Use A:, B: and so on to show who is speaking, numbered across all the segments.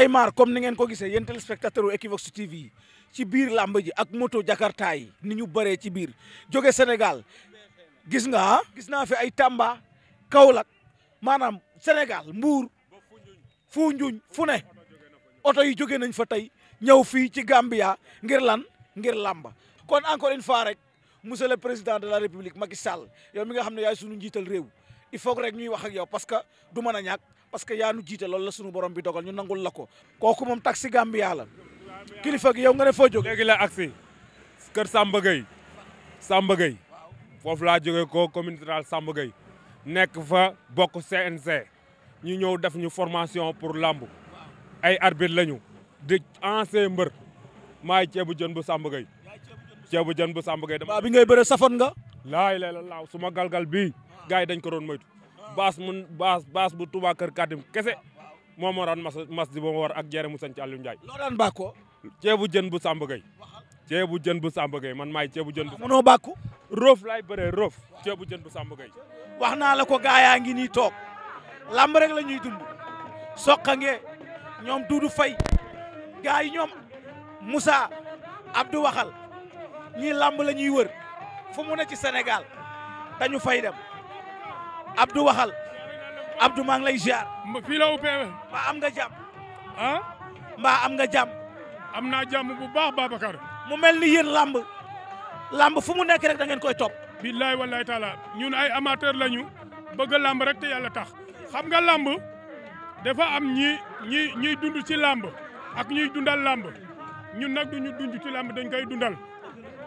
A: Neymar comme ni ngeen ko gisee yéen téléspectateur u Equivox TV yi ci biir làmb ji ak moto Jakarta yi ni ñu bëree ci biir joge Sénégal gis nga ah gis naa fi ay Tamba Kaolack maanaam Sénégal Mbuur Foundiougne fu ne oto yi jóge nañ fa tey ñëw fii ci Gambia ngir lan ngir làmb kon encore une rek monsieur le président de la république Macky Sall yow mi nga xam ne yaay sunu njiital réew il faut rek ñuy wax ak yow parce que du mën a ñàkk parce que yaa nu jiite loolu la suñu borom bi dogal ñu nangul la ko kooku moom taxi Gambia la kilifa gi yow nga ne foo jóge léegi la
B: kër Samba Gueye Samba Gueye foofu laa jógee ko commune rurale Samba Gueye nekk fa bokk CNC ñu ñëw def ñu formation pour lamb ay arbitre lañu di ancien mbër maay ceebu jën bu Samba Gueye ceebu jën bu Samba Gueye dama bi ngay bëre safoon nga laay lay la laaw su ma galgal bii gars yi dañ ko doon moytu baas mun baas baas bu Touba Kër Kadim kese moo ma daan mas mas di ba ak jere mu sañ ci Aliou Ndiaye. loo daan bàkkoo. ceebu jën bu Samba Gueye. ceebu jën bu Samba Gueye man maay ceebu jën bu. mënoo bàkku. roof laay bëree roof. ceebu jën bu Samba Gueye. wax
A: naa la ko gaa yaa ngi nii toog. lamb rek la ñuy dund. soqange ñoom Doudou Faye gaa yi ñoom Moussa Abdou Waxal ñii lamb la ñuy wër fu mu ne ci senegal dañu fay dem. Abdou waxal Abdou maa ngi lay ziar. la UPV. mbaa am nga jàmm.
C: Ah? am nga jàmm. am naa jàmm bu baax Babacar. mu mel ni yéen làmb làmb fu mu nekk rek da koy topp. billaay wallaay taala ñun ay amateur lañu bëgg làmb rek te yàlla tax xam nga làmb dafa am ñi ñi ñuy dund ci làmb ak ñuy dundal làmb ñun nag duñu dund ci làmb dañ koy dundal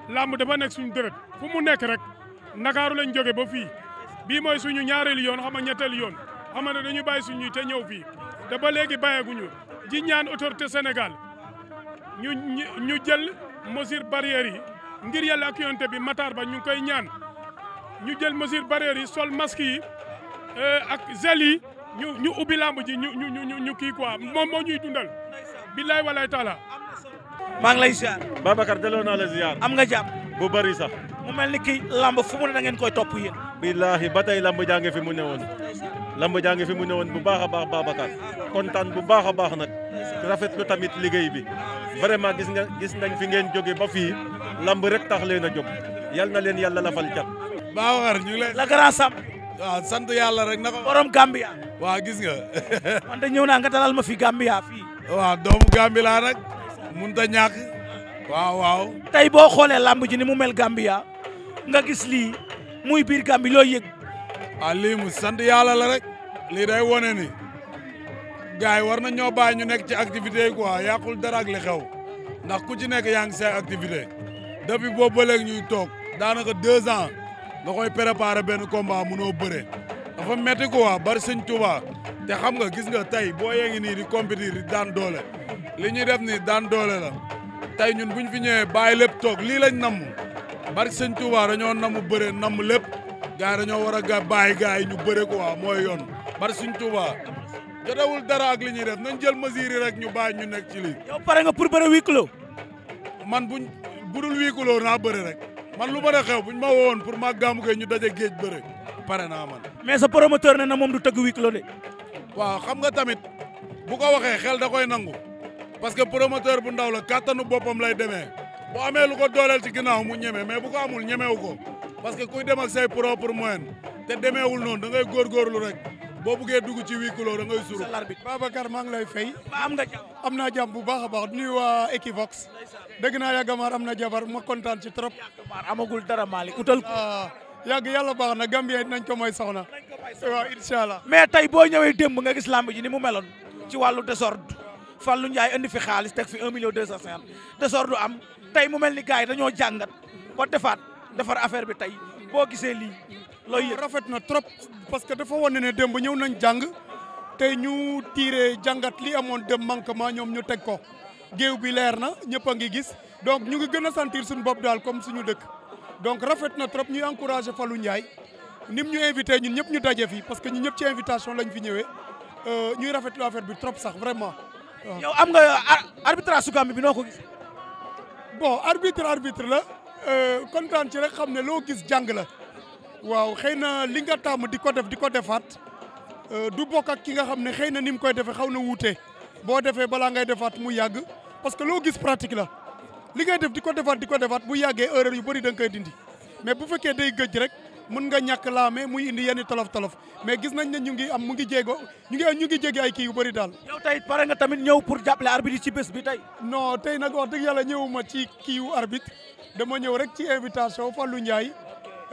C: làmb dafa nekk suñu dërët fu mu nekk rek Ndakaaru lañ jóge ba fii bii mooy suñu ñaareelu yoon xam nga ñetteelu yoon xam ne dañu bàyyi suñu te ñëw fii te ba léegi bàyyeeguñu ji ñaan autorité Sénégal ñu ñu jël mesure barrière yi ngir yàlla ak yonte bi Matar Ba ñu ngi koy ñaan ñu jël mesure barrière yi sol maski yi euh, ak gel ñu ñu ubbi làmb ji ñu ñu ñu ñu kii quoi moom moo ñuy dundal billaay walaay taala maa ngi lay ziar
A: Babacar delloo naa le ziar am nga jàmm bu bari mu mel ni ki lamb fu mu ne da ngeen koy topp yéen. billaahi ba tey lamb jaa fi mu ne woon lamb jaa fi mu ne woon bu baax a baax Babacar kontaan bu baax a baax nag rafetlu tamit liggéey bi vraiment gis nga gis nañ fi ngeen jóge ba fii lamb rek tax leen a jóg yal na leen yàlla lafal cat. Babacar ñu ngi la grand sam. sant yàlla rek na ko. borom Gambia. waaw gis nga. man ñëw naa nga dalal ma fi Gambia fii. waaw doomu Gambia laa nag. mënut a ñàkk. waaw waaw. tey boo xoolee lamb ji ni mu mel Gambia. nga gis lii muy biir Gàmbi loo yëg. waaw
C: ah, lii sant yàlla la rek lii day wone ni gars war na ñoo bàyyi ñu nekk ci activité yi quoi yàqul dara ak li xew ndax ku ci nekk yaa ngi say activité depuis boobu ba léegi toog daanaka deux ans nga koy préparer benn combat munoo bëre dafa métti quoi bari sëñ Tuuba te xam nga gis nga tey boo yee ngi nii di compétir di daan doole li ñuy def nii daan doole la tey ñun buñ fi ñëwee bàyyi lépp toog lii lañ namm barke sëñ Touba ñoo namu bëre namu lépp gars yi dañoo war a ga bàyyi gars yi ñu bëre ko waaw mooy yoon barke sëñ Touba jotewul dara ak li ñuy def nañ jël mesure yi rek ñu bàyyi ñu nekk ci pare nga pour bëre huis clos. man buñ budul huis clos naa bëre rek man lu mën a xew buñ ma woon pour ma gàmmu kay ñu daje géej bëre pare naa man.
A: mais sa promoteur ne na moom du tëgg huis clos de. waaw xam nga tamit bu ko waxee xel da
C: koy nangu parce que promoteur bu ndaw la kattanu boppam lay demee. boo amee lu ko dooleel ci ginnaaw mu ñeme mais bu ko amul ñemewu ko parce que kuy dem ak say propre moyen te demeewul noonu dangay ngay góorgóorlu rek boo buggee dug ci huis clos da ngay suru Babacar maa ngi lay fay am naa jàmm bu baax a baax du nuyu waa Equivox dégg naa Yagamar am na jabar ma kontaan ci trop amagul dara Malick utal ko ah, yàgg yàlla baax na Gambien nañ ko may soxna waaw incha allah mais tey boo ñëwee démb nga gis lamb ji ni mu meloon ci wàllu désordre
A: Fallou Ndiaye indi fi xaalis teg fi un million deux cent am tey mu mel ni gars yi dañoo
C: jàngat ba defaat defar affaire bi tey boo gisee lii looy rafet na trop parce que dafa wane ne démb ñëw nañ jàng te ñu tiiree jàngat li amoon dem manquement ñoom ñu teg ko géew bi leer na ñëpp a ngi gis donc ñu ngi gën a sentir suñu bopp daal comme suñu dëkk donc rafet na trop ñuy encouragé Fallou Ndiaye nim ñu invité ñun ñëpp ñu daje fi parce que ñun ñëpp ci invitation lañ fi ñëwee euh, ñuy rafetlu affaire bi trop sax vraiment. yow am nga arbitrage Soukambi bi noo ko bon arbitre arbitre la euh, kontaan ci rek xam ne loo gis jàng la waaw xëy na li nga tàmm di ko def di ko defaat euh, du bokk ak ki nga xam ne xëy na ni mu koy defee xaw na wuute boo defee balaa ngay defaat mu yàgg parce que loo gis pratique la li ngay def di ko defaat di ko defaat bu yàggee erreur yu bëri da nga koy dindi mais bu fekkee day gëj rek. mën nga ñàkk laame muy indi yenni tolof tolof mais gis nañ ne ñu ngi am mu ngi jéego ñu ngi ñu ngi jéegi ay kii yu bëri daal. yow tey pare nga tamit ñëw pour jàppale arbitre ci bés bi tey. non tey nag wax dëgg yàlla ñëwuma ci kii wu arbitre dama ñëw rek ci invitation Fallou Ndiaye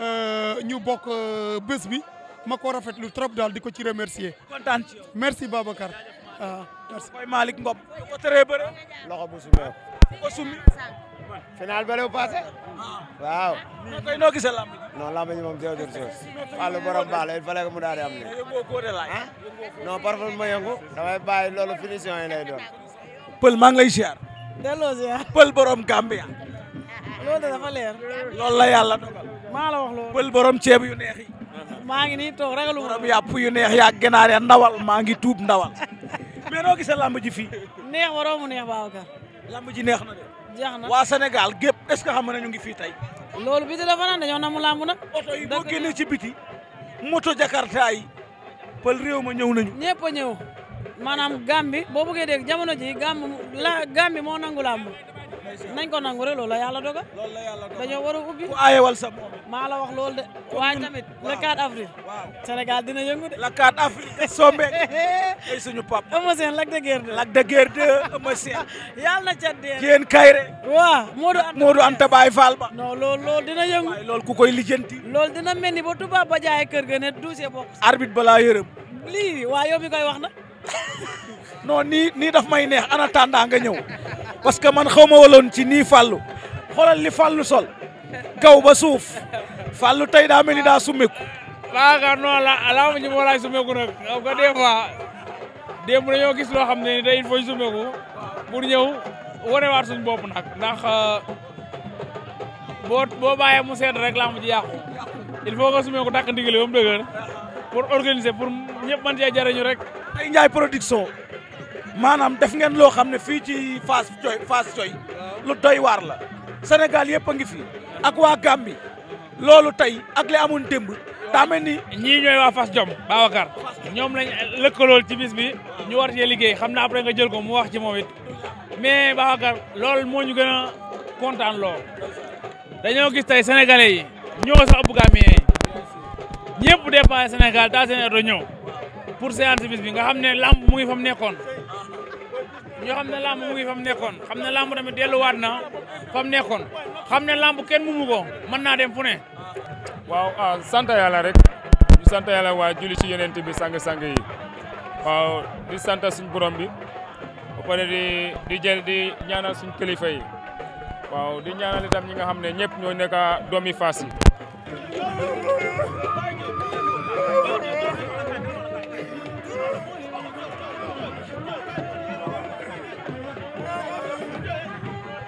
C: euh, ñu bokk euh, bés bi ma ko rafetlu trop daal di ko ci remercier. kontaan ci merci Babacar. waaw ah, merci. mooy Malick Ngom.
D: loxo final ba léegi passé
A: waaw. mais tey noo gisee lamb ji. non lamb ji moom mu daal di am nii.
D: non parfois ma yëngu. damay bàyyi loolu finition yi
A: maa ngi lay ziar.
D: delloo ziar.
A: Pël borom Gambia.
D: loolu dafa leer. loolu la yàlla dogal. maa
A: ceeb yu neex yi.
D: maa ngi nii toog ragalu. borom yu neex yaa
A: ginaar ya ndawal maa ngi tuub ndawal. mais noo gisee lamb ji fii.
D: neex waroo mu neex Babacar. lamb ji neex na jeex na waa
A: senegal gépp est-ce xam nga ne ñu
D: ngi fii tey. loolu biti dafa naan dañoo namu làmb nag. oto yi boo génnee ci biti moto Jakarta yi pël réew ma ñëw nañu. ñëpp a ñëw maanaam Gambie boo bëggee dégg jamono ji Gambie la Gambie moo nangu làmb nañ ko nangu rek loolu la yàlla dogal. loolu la yàlla dogal dañoo war a ubbi. sa bopp. maa la wax loolu de. waaye tamit le 4 avril. Sénégal dina yëngu de. le 4 avril de Sombe. ay suñu pap Eumeu Sène Lac de Guiers 2. Lac na ca dee. Diène Kairé. waaw Modou Anta Modou Anta Baye Fall ba. non dina yëngu. ku koy lijjanti. lool dina mel ni ba tubaab kër ga ne duusee bokk. arbitre balaa yërëm. lii waa yow koy wax na.
A: non nii nii daf may neex ana tàndaa nga ñëw parce que man xaw ma waloon ci nii fàllu xoolal li sol. kaw ba suuf Fallou tey daa mel ni daa summeeku.
D: waaw non la alama ji moo laay summeeku nag xam nga des démb dañoo gis loo xam ne tey il faut ñu summeeku pour ñëw wanewaat suñu bopp nag ndax boo boo bàyyee mu sedd rek làmb ji yàqu il faut nga summeeku takk ndigal ba mu dëgër pour organiser pour ñëpp mën cee jariñu rek. tey Ndiaye production maanaam def
A: ngeen loo xam ne fii ci Fass Coy Fass Coy lu doy waar la Sénégal yëpp a ngi fi.
D: ak waa Gàmbi loolu tey ak li amoon démb daa mel ni. ñii ñooy waa Fass Jom Babacar ñoom lañ lëkkalool ci bis bi ñu war cee liggéey xam na après nga jël ko mu wax ci moom it mais Babacar lool moo ñu gën a kontaan lool dañoo gis tey sénégalais yi ñoo sax ëpp Gambien yi ñëpp dépassé Sénégal daa seen oto ñëw pour séance bis bi nga xam ne lamb mu ngi fa mu nekkoon. ñoo xam ne làmb mu ngi fa nekkoon xam ne làmb tamit delluwaat na fa mu nekkoon xam ne làmb kenn mu mu ko mën naa dem fu ne.
B: waaw ah sant yàlla rek ñu sant yàlla waa juli ci yeneen bi sang-sang yi waaw di sant suñ borom bi ba pare di di jël ñaanal suñ kilifa yi waaw di ñaanal itam ñi nga xam ne ñëpp ñoo nekk doomi Fass yi.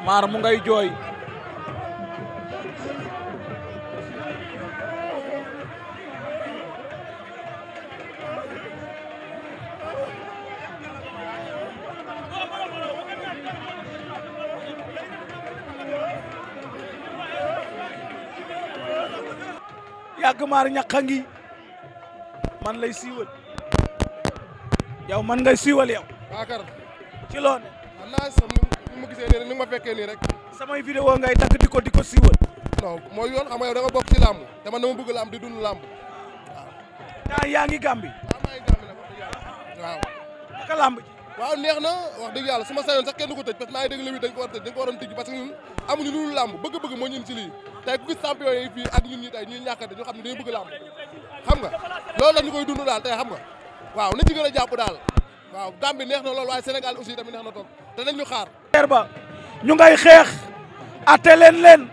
A: maar mu ngay jooy yàgg maar man lay siiwal yow man ngay siiwal yow.
E: ci ma gisee nii rek ni ma fekkee nii rek samay vidéo ngay takk di ko di ko siiwal non mooy yoon xam nga yow da bokk ci làmb dama dama bëgg làmb di dund làmb waaw temps yaa ngi gàmbi waaw maa ngi gàmbi la waaw naka neex na wax dëgg yàlla su ma sañoon sax kenn du ko tëj parce que maa ngi dégg léegi dañ ko war a tëj dañ ko waroon tëj parce que ñun amuñu lu dul làmb bëgg-bëgg moo ñun ci lii tey ku gis champion yi fii ak ñun ñi tey ñuy ñàkkante ñu xam ne dañu bëgg làmb xam nga loolu la ñu koy dund daal tey xam nga waaw nañ ci a jàpp daal waaw Gambie neex na lool waaye Sénégal aussi tamit neex na toog te nañ xaar teer ñu ngay xeex atte leen leen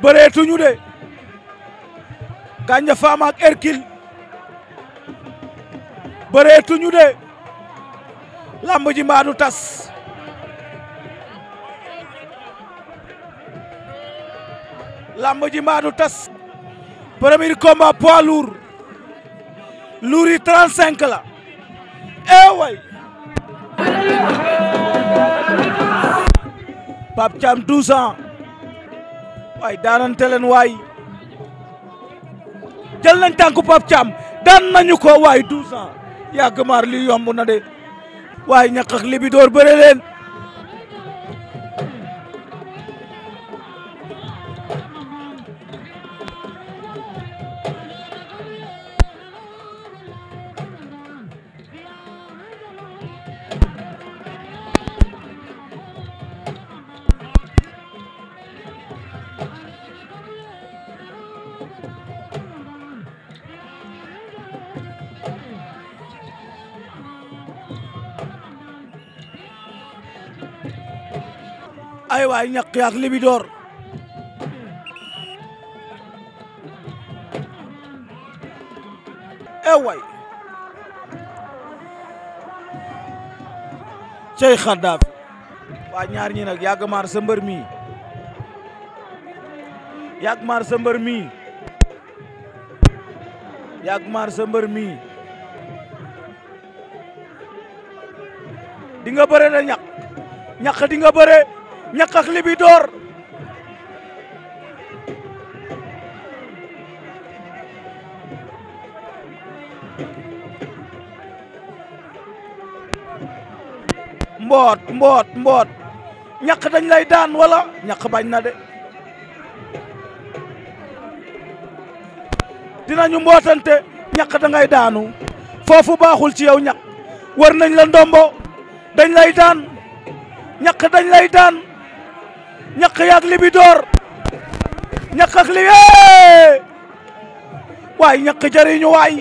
A: bëreetuñu de Gandia Fama ak Hercule bëreetuñu de lamb ji tas lamb ji mbaadu tas premier combat poids lourd lourd yi 35 la eh Pape Thiam 12 ans waay daanante leen waay jël nañ tànku Pape Thiam daan nañu ko waay 12 ans yàgg maar lii yomb na de waay ñaq ak libidoor bëre ay ñaq yaak libidoor e eh cey xaddaafi waa ñaar ñi nag yàgg maar sa mbër mii yàgg maar sa mbër mii yàgg maar sa mbër mii di nga da ñaq ñaq di nga ñaq ak libidoor mboot mboot mboot ñaq dañ lay daan walla ñaq bañ na de dinañu mbootante ñaq da daanu foofu baaxul ci yow ñaq wër nañ la ndombo dañ lay daan ñaq dañ lay daan ñaq yaag li bi door ñaq ak li waay ñaq jëriñu waay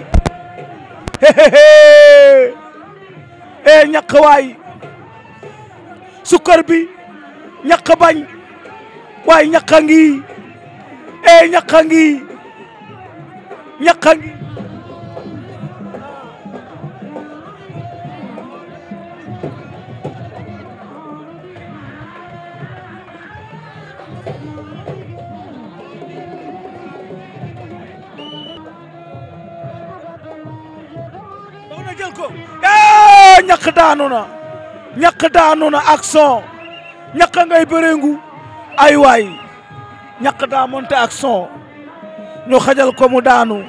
A: e ñaq waay sukkar bi ñaq bañ waay ñaq a ngi e ñaq a ngi ñaq ngi ko é eh, daanu na ñaq daanu na action ñaq ngay bëréngu ay waay ñaq daa monte action ñu xajal ko mu daanu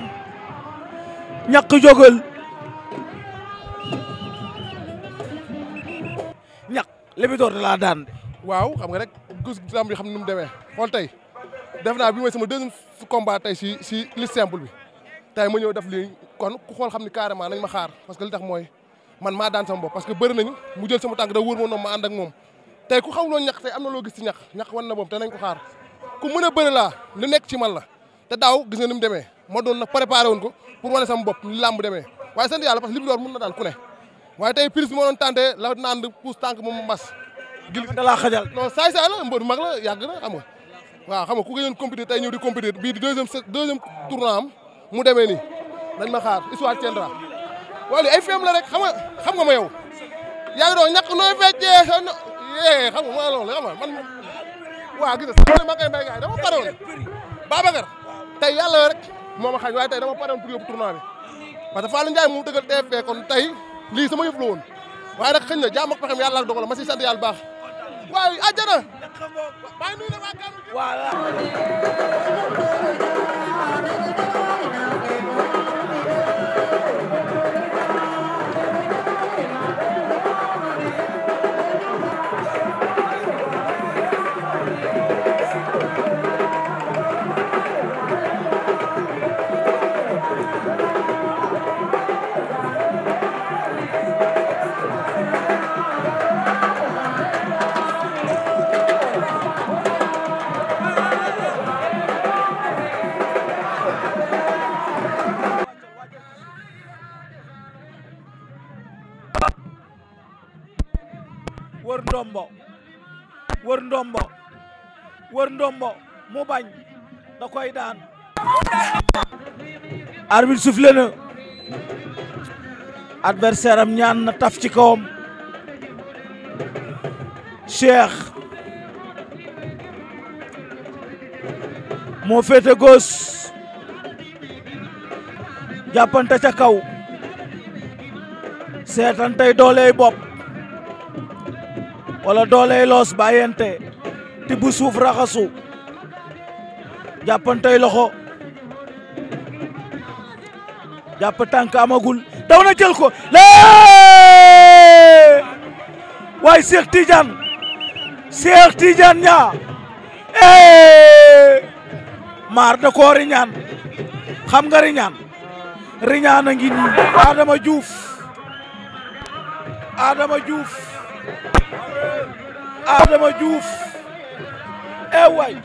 A: ñaq jógal
E: ñaq Libidor de laa daan de waaw xam nga rek gis lam bi xam ne nu mu demee xool tey def naa bi mooy sama deuxième combat tey si si liste bi tey ma ñëw def lii kon ku xool xam ni carrément nañ ma xaar parce que li tax mooy man bëri nañu mu jël sama tànk da wóor ma noonu ma ànd moom tey ku xaw loolu ñax tey am na loo gis ci ñax ñax wan na moom te a bëri laa nekk ci man la te daaw gis nga demee ma doon na préparé woon ko pour wane sama bopp ni làmb demee waaye sant yàlla parce ma doon tenté la naan pousse tànk moom mas gil da laa xajal non saay saay la mbër mag la yàgg na xam nga waaw xam nga ku ko yoon compétir tey ñëw di compétir bii deuxième deuxième am mu demee nii dañ ma xaar histoire tiendra waaye ay feem la rek xam nga xam nga ma yow yaa ngi doon ñàkk nooy feccee xam nga ma loolu xam nga man waaw gis nga sama ma koy mbay gaay dama pare woon Babacar tey yàlla rek moo ma xañ waaye tey dama pare woon pour yóbbu tournoi bi parce que Fallou Ndiaye moom dëggal TFP kon lii sama yëf la woon waaye nag xëñ na jaam ak pexem yàlla ak dogal ma si sant yàlla baax waaye àjjana
A: ndombo wër ndombo wër mu bañ da koy daan arbitre soufflé na adversaire ñaan na taf ci kawam cheikh moo féete gos jàppante ca kaw seetantey dooley bopp wala dooley loos bàyyente tibb suuf raxasu jàppantey loxo jàpp tànk amagul daw na jël ko lee waaye Cheikh tiijan Cheikh Tidiane ñaa eh maar da koo riñaan xam nga riñaan riñaan a ngi nii juuf Diouf Adama Diouf Adama Diouf e waay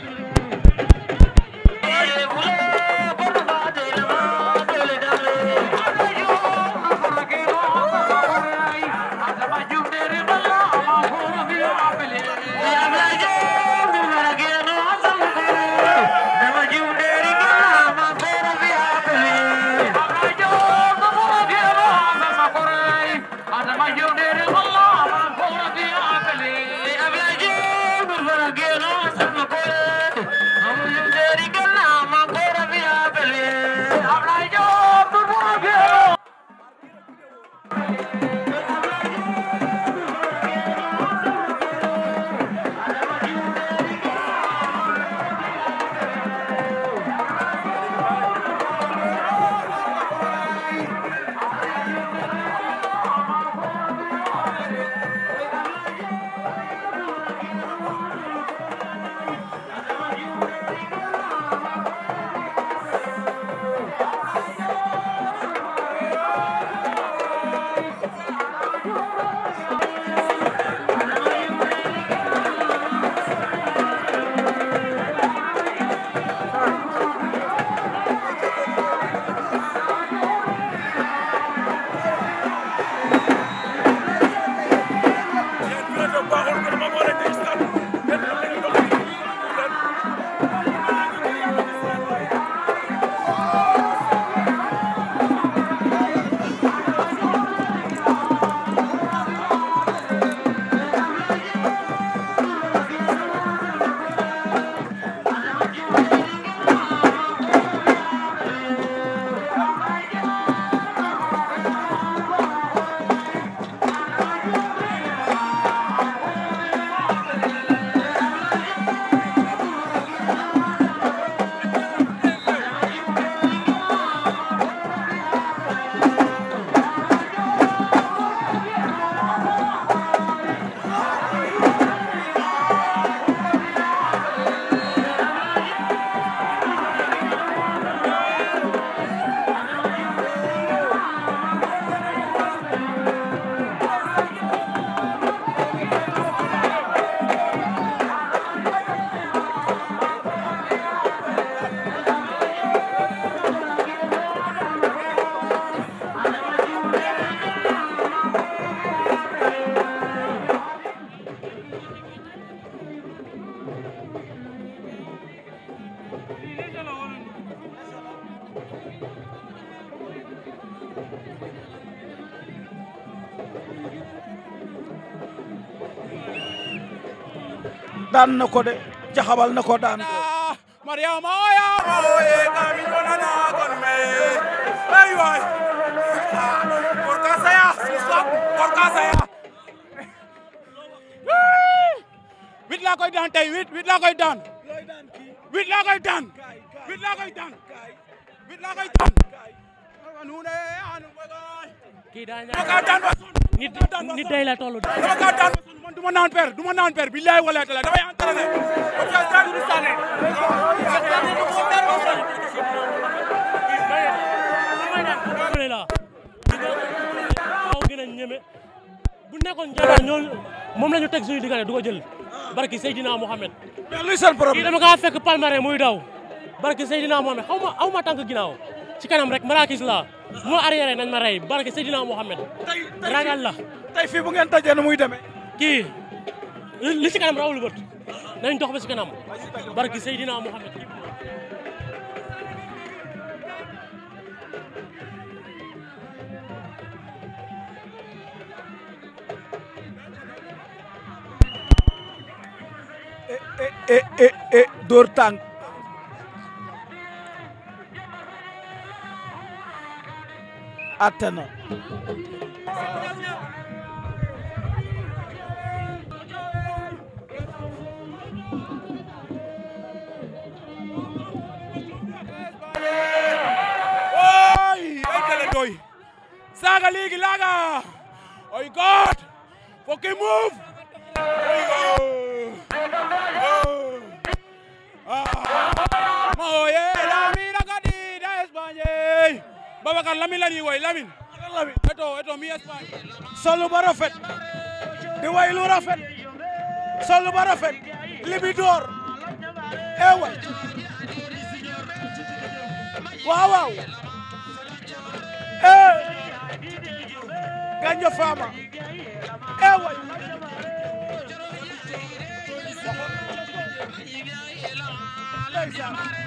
A: daan na ko de jaxabal na ko daan ko
B: mariama oya oye kami nana kon me ay way por casa ya por casa ya wit laa koy daan tey wit laa koy daan wit laa koy daan
F: wit laa koy daan wit laa koy
B: daan
F: kii daan nit nit day la toll. dama
B: kaa daan man du ma naan per du ma naan per billaay wala tala damay entraîné.
F: gën a ñeme bu nekkoon jaagaan ñooñu moom la ñu teg suñu diggante du ko jël barki Seydina Mohamed. mais luy seen problème kii dama kaa fekk palmarin muy daw barki Seydina Mohamed xaw ma aw ma tànk ginnaaw ci kanam rek marakis laa. bu ma nañ ma rey barke Seydina Mohamed. tey tey ragal la. tey fii bu ngeen tajee nu muy demee. kii li si kanam rawul bët nañ dox ba si kanam barke Seydina Mohamed.
A: e e e dóor tànk atte na
B: Saga Ligi Laga. Oh God! Fucking move! Oh, oh. Ah. Babacar Lamine la ñuy woy Lamine. eto eto mi solu ba rafet.
A: di woy rafet. solu ba rafet. libidoor. ewa. waaw waaw. eh. Gandia Fama. ewa.
D: ndeysaan.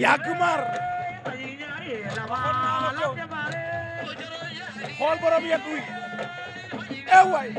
D: Yakumar xool borom yet wi eh waay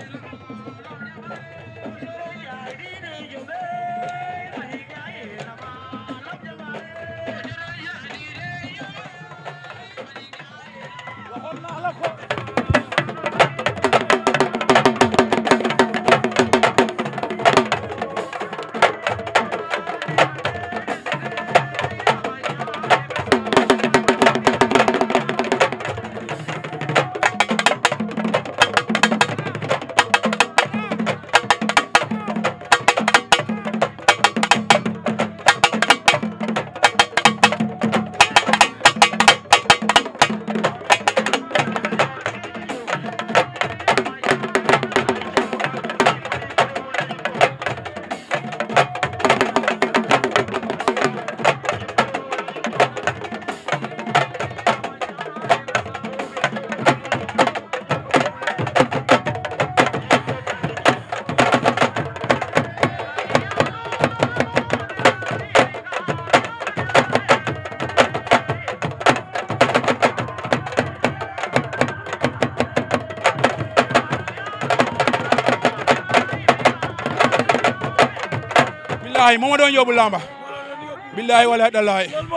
B: wallaahi moo ma doon yóbbu lamba billaahi wallaahi dallaahi loolu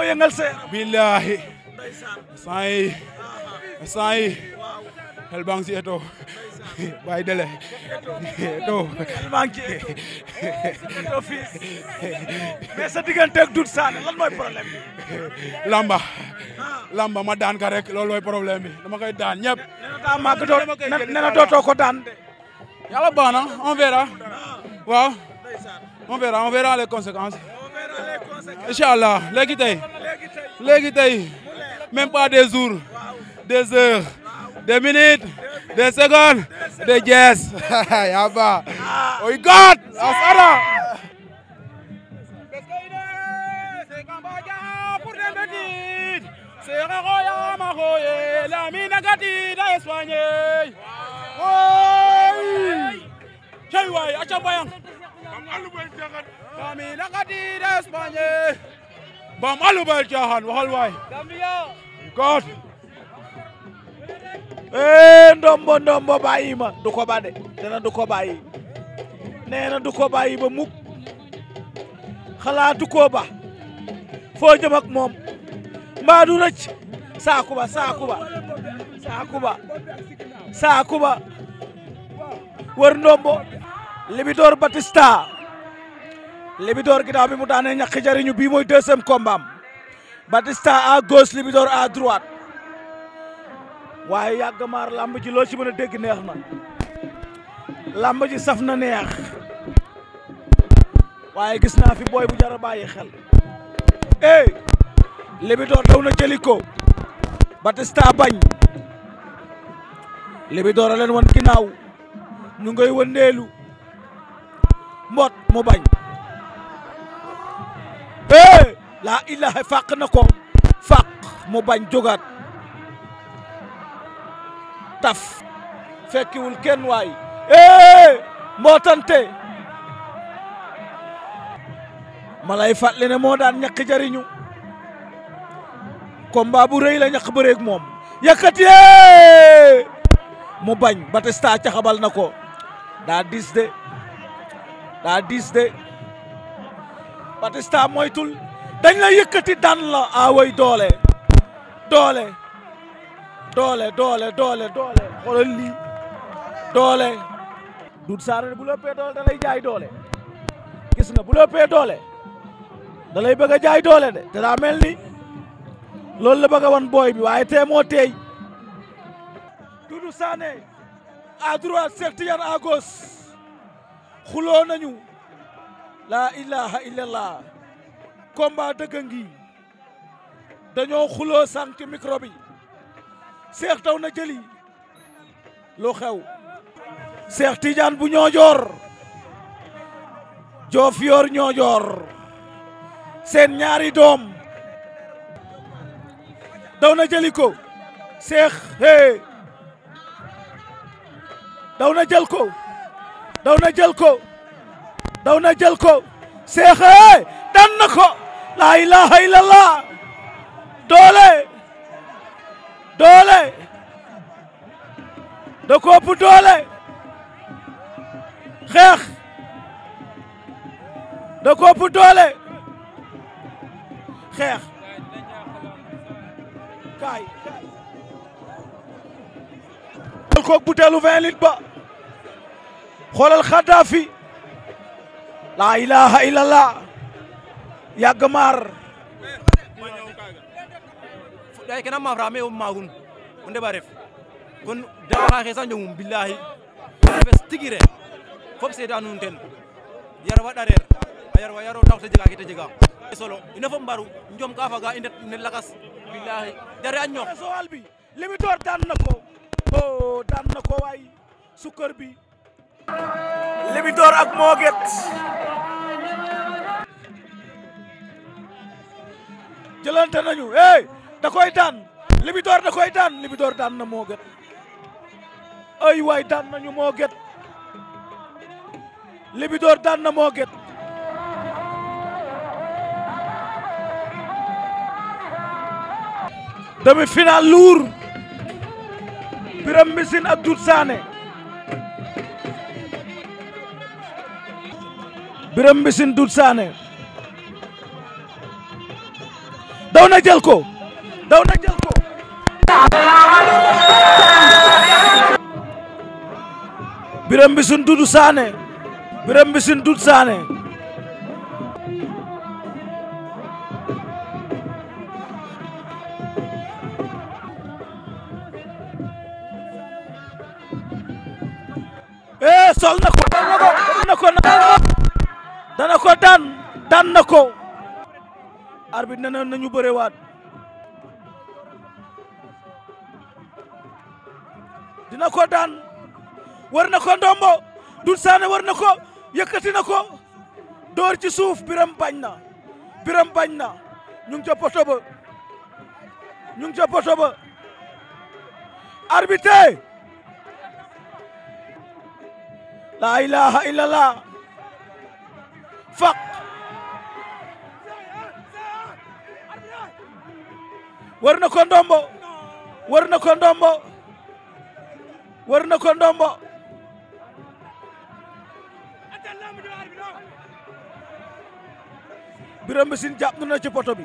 B: billaahi sant yi sant yi xel baa dele Eto'o Eto'o fils
A: mais sa diggante ak Doudou Sané lan mooy problème bi
B: lamba ah. lamba ma daan ka rek loolu mooy problème bi dama koy daan ñëpp nee na ko daan de yàlla baax na on verra on verra les conséquences. incha allah léegi tey léegi tey même pas des jours des heures des minutes des secondes des dièses yaba oy oh god asara oy cey waay aca bayang Dami lakati Espagne. Bam alubal waxal waay. God.
A: Eh ndombo ndombo bàyyi ma du ko ba de dana du ko bàyyi. Nee na ba mukk. Xalaatu ko ba. Foo jëm moom. Mbaa du rëcc. Saakuba saakuba. Saakuba. Saakuba. Wër ndombo. Libidor Batista. Libidor ginnaaw bi mu daanee ñàkk jariñu bii mooy deuxième combat am Batista à gauche Libidor à droite waaye yàgg làmb ji loo ci mën a dégg neex na làmb ji saf na neex waaye gis naa fi booy bu jar a xel eh Libidor daw na jëli Batista bañ Libidor a wan ginnaaw ñu ngay wëndeelu mbot mu bañ eh laa ilaha e na ko fàq mu bañ jógaat taf fekkiwul kenn waay eh mbootante ma lay fàttali ne moo daan ñàkk jariñu combat bu rëy la ñàkk bëreeg moom yëkkati mu bañ Batista caxabal na ko daa dis de daa dis de Batista moytul dañ la yëkkati daan la doole doole doole doole doole doole xoolal lii doole duut saare bu la pee doole da lay jaay doole gis nga bu la pee doole da lay bëgg a jaay doole de te daa mel ni loolu la bëgg a booy bi waaye tee moo teey Doudou Sané à droite Cheikh Tidiane xuloo nañu laa ilaha illallah combat dëgg ngi dañoo xuloo sànq ci seex daw na jëli lu xew seex Tidiane bu ñoojoor joof yoor ñoojoor seen ñaari doom daw na jëli ko seex hee daw na jël ko daw na jël ko daw na jël ko seexe dan na ko laa ilaha illallah doole doole da doole xeex da doole xeex kaay jël ko buteelu vingt ba xoolal Xaddaafi laa ilaha illallah yàgg maar fuɗɗay kena maframe o magun o ndeɓa ref kon daxa xe sa njongum bilahi refes tigi fop seeda nuun yarwa ɗareer a yarwa yaro tax te jega te jega solo ina fop mbaru njom ka faga i lakas bilahi dare a ñoox bi limitor daan ko o oh, daan ko waay sukar bi Libidor ak Moget jëlante nañu hey da koy daan Libidor da koy daan Libidor daan na Moget ay waay daan nañu Moget Libidor daan na Moget demi-finale lourd Biram Misine ak Doudou Sané biram mbisin dut saane daw na jël ko daw na jël ko biram mbisin dut na ko arbitre nee na nañu bëre waat dina ko daan war na ko ndombo dul saane war na ko yëkkati na ko door ci suuf biram bañ na biram bañ na ñu ngi ca poto ba ñu ngi ca poto ba arbitre la ilaha illallah faq war na ko dombo war na ko ndombo wër na ko ndombo Birame Mbissine jàpp na ci poto bi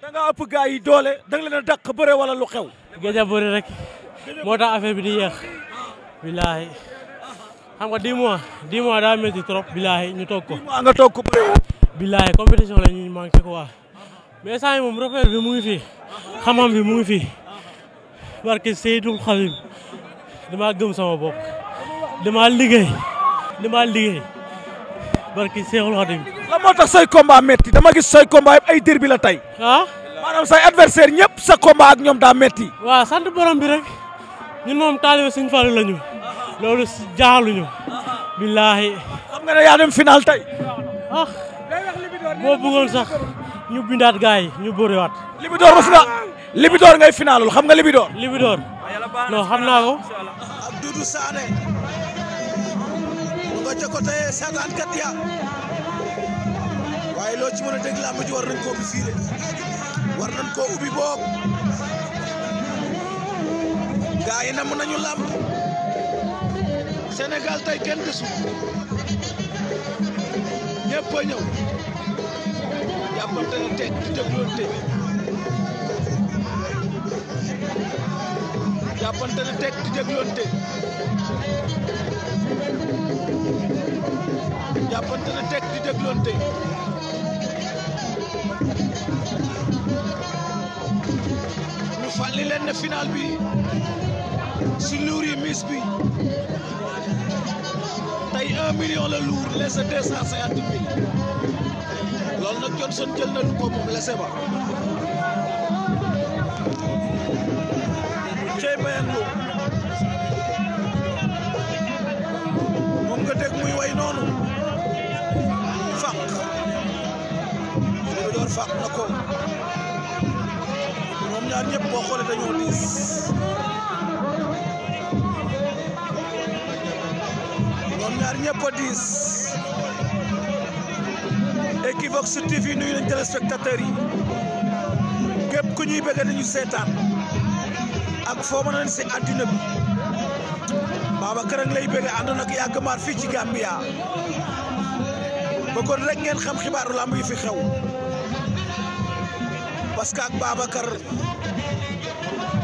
F: da nga ëpp doole da nga leen a dàq bëre wala lu xew géej a bëre rek moo tax affaire bi di yéex billaahi xam nga dix mois dix mois daa métti trop billaahi ñu toog ko nga toog billaay compétition la ñuy manqué quoi mais saa yi moom repère bi mu ngi fi xam-xam bi mu fi barke Seydul Xadim damaa gëm sama bopp damaa liggéey damaa liggéey barke Seydul Xadim. la moo tax say combat metti dama gis say combat yëpp ay derby tey. ah maanaam say adversaire ñëpp sa combat ak ñoom daa metti. waaw sant borom bi rek ñun moom taalibe Sëñ lañu loolu jaaxaluñu. billaahi. xam nga ne yaa dem final tey. Ah. moo bëggoon sax ñu bindaat gars yi ñu bëriwaat. Libidor mos nga Libidor ngay finaalul xam nga Libidor. Libidor non xam naa ko. Doudou Sané
A: mu nga ca côté seetaankat ya waaye loo ci mën a dégg làmb ji war nañ koo bi war nañ koo ubbi boog gars yi namm nañu làmb Sénégal tey kenn desul ñëpp jàppante di dégloonte jàppante ne teg di dégloonte jàppante ne teg di dégloonte ñu fàttali leen ne final bi si luur yi mis bi tey un million la luur les deux cent cinquante mille Johnson Johnson jël na lu ko moom lese ba cey mbayang lu moom nga dégg muy way noonu fàq soo door fàq na ko moom ñaar ñëpp boo xoolee dañoo diis ñoom ñaar ñëpp a diis Equivox TV nuyu nañ téléspectateurs yi képp ku ñuy bëgg nañu seetaan ak foo mën a si àddina bi Babacar ngi lay bëgg àndoon ak yàgg maar fii ci Gambia bëggoon rek ngeen xam xibaaru làmb yi fi xew parce que ak Babacar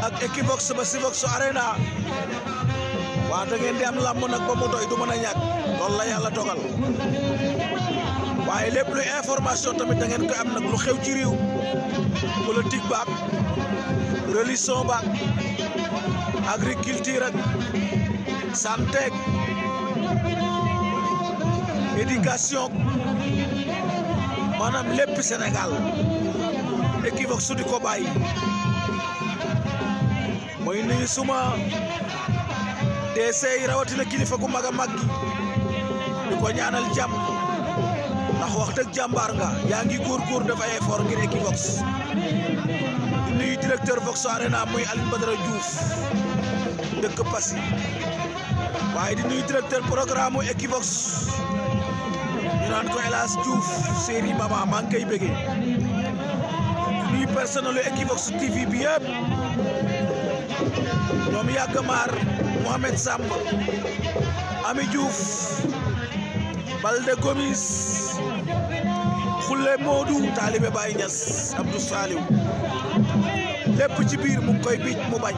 A: ak Equivox ba si Arena waa ngeen di am làmb nag ba mu doy du mën a ñàkk loolu la yàlla dogal. waaye lépp luy information tamit da ngeen koy am nag lu xew ci réew politique baak religion baak agriculture ak santé éducation
D: lépp Sénégal
A: Equivox di ko bàyyi mooy nuyu suma DC yi rawatina kilifa gu mag a mag gi di ko ñaanal jàmm. ndax wax dëgg jàmbaar nga yaa ngi góorgóor dafa effort ngir Equivox di nuyu directeur Vox Arena muy Alioune Badara Diouf dëkk Passy waaye di nuyu directeur programme mu ñu
F: naan ko Elas
A: Diouf série mama maa ngi koy bëggee di nuyu personnelu Equivox TV bi yëpp ñoom yàgg maar Mohamed Samb Ami Diouf Balde Gomis Xulle Moodu taalibe Baye Niass Abdou Saliw lépp ci biir mu koy biic mu bañ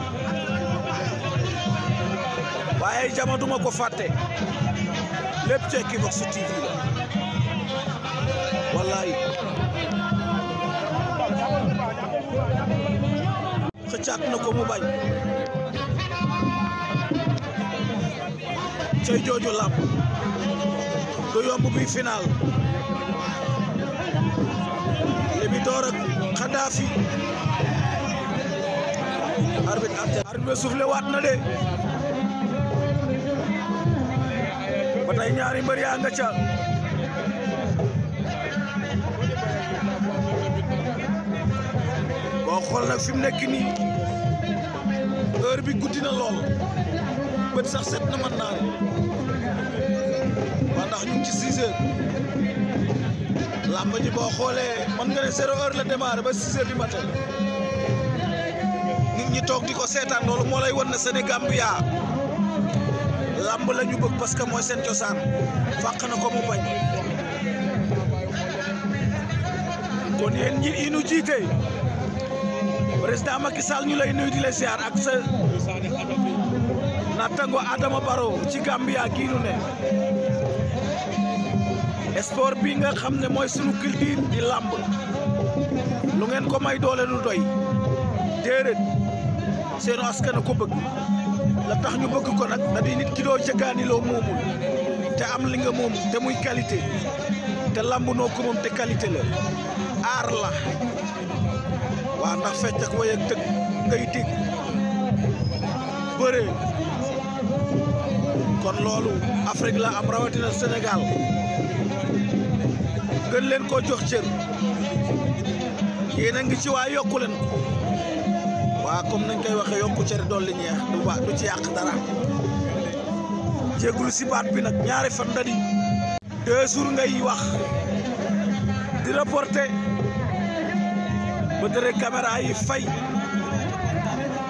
A: waaye jama duma ko fàtte lépp ci Equivox TV la wallaay xëccaat na ko mu bañ cay jooju làmb du yomb bi final di door ak Kadhafi arbitre arbitre arbitre soufflé waat na de ba tey ñaari mbër yaa nga ca boo xool nag fi mu nekk nii heure bi guddi na lool bët sax set na mën naa ba ndax ñu ci 6 làmb ji xoolee mën nga ne zéro heure la démarré ba six heures du nit ñi toog di ko seetaan loolu moo lay wan ne Sénégambia làmb la ñu bëgg parce que mooy seen cosaan fàq na ko mu bañ kon yéen ñi yi ñu jiite président ñu lay nuyu di la ak sa nattango Adama Barrow ci Gambia gii ñu ne. sport bi nga xam ne mooy sunu culture di làmb lu ngeen ko may doole du doy déedéet seenu askan a ko bëgg la tax ñu bëgg ko nag da di nit ki doo moomul te am li nga moom te muy qualité te làmb noo ko moom te qualité la aar la waa ndax fecc ak way ak tëgg ngay dégg bëree kon loolu Afrique la am rawatina Sénégal gën leen koo jox cër yéen a ngi ci waa yokku leen waa comme nañ koy waxee yokku cër dolli ñeex du ba du ci yàq dara jéggulu si baat bi nag ñaari fan dadi deux jours ngay wax di reporté ba tere yi fay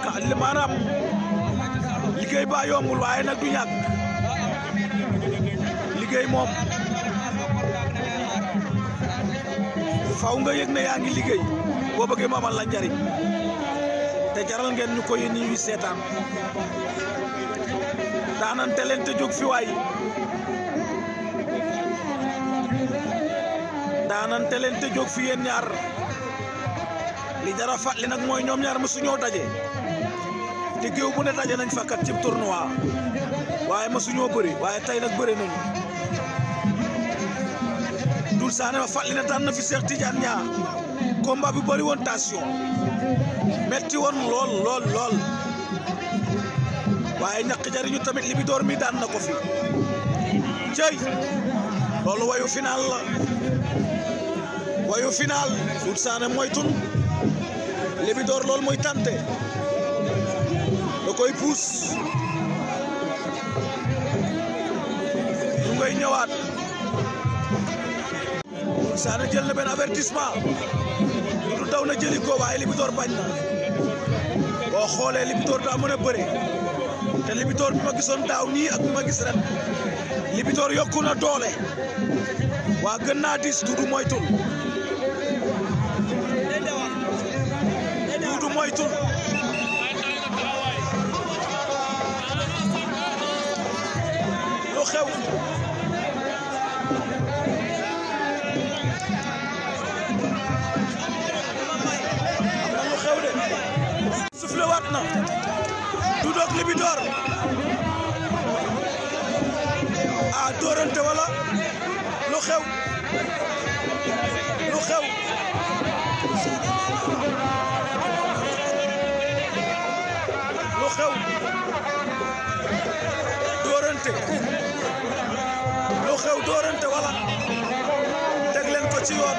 A: ka li maanaam liggéey baa yombul waaye nag du ñàkk liggéey moom faaw nga yëg ne yaa ngi liggéey boo bëggee mu amal la te jaral ngeen ñu ko yéen ñuy seetaan daanante leen te jóg fi waay daanante leen te jóg fi yéen ñaar li jara li nag mooy ñoom ñaar mësu ñoo daje te géew bu ne daje nañ fa kat cib tournoi waaye mësu ñoo bëri waaye tey nag bëri nañu. Abdoul Sané wax fàttali daan na fi Cheikh Tidiane Niang combat bi bëri woon tension metti woon lool lool lool waaye ñàkk jariñu tamit li mi daan na ko fi cey loolu wayu final wayu final Abdoul Sané moytun li bi loolu mooy tante da koy puus du ngay ñëwaat Sané jël na benn avertissement
F: Doudou
A: daw na jëli ko waaye Libidor bañ na boo xoolee Libidor daa mën a bëre te Libidor bi ma gisoon daaw nii ak bi ma gis ren Libidor yokku na doole waa gën naa diis Doudou moytul Doudou moytul lu xew na Doudou ak Libidor a ah, dóorante wala
D: lu xew lu xew lu xew lu
A: xew dóorante wala teg leen ko ci yoon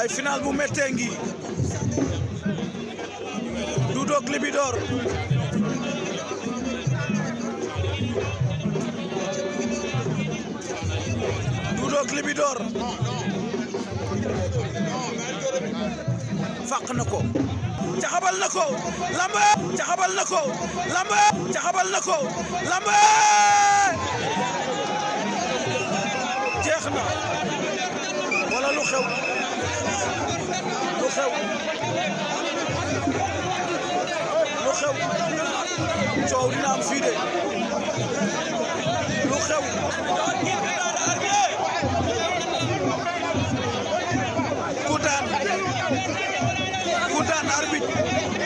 A: waaye final bu méttee ngi Doudou ak Libidor Doudou ak Libidor fàq na ko caxabal na ko lamba caxabal na ko lamba caxabal na ko lamba jeex na wala lu xew xew lu
F: xew coow dina am fii de
A: lu xew ku daan ku daan arbitre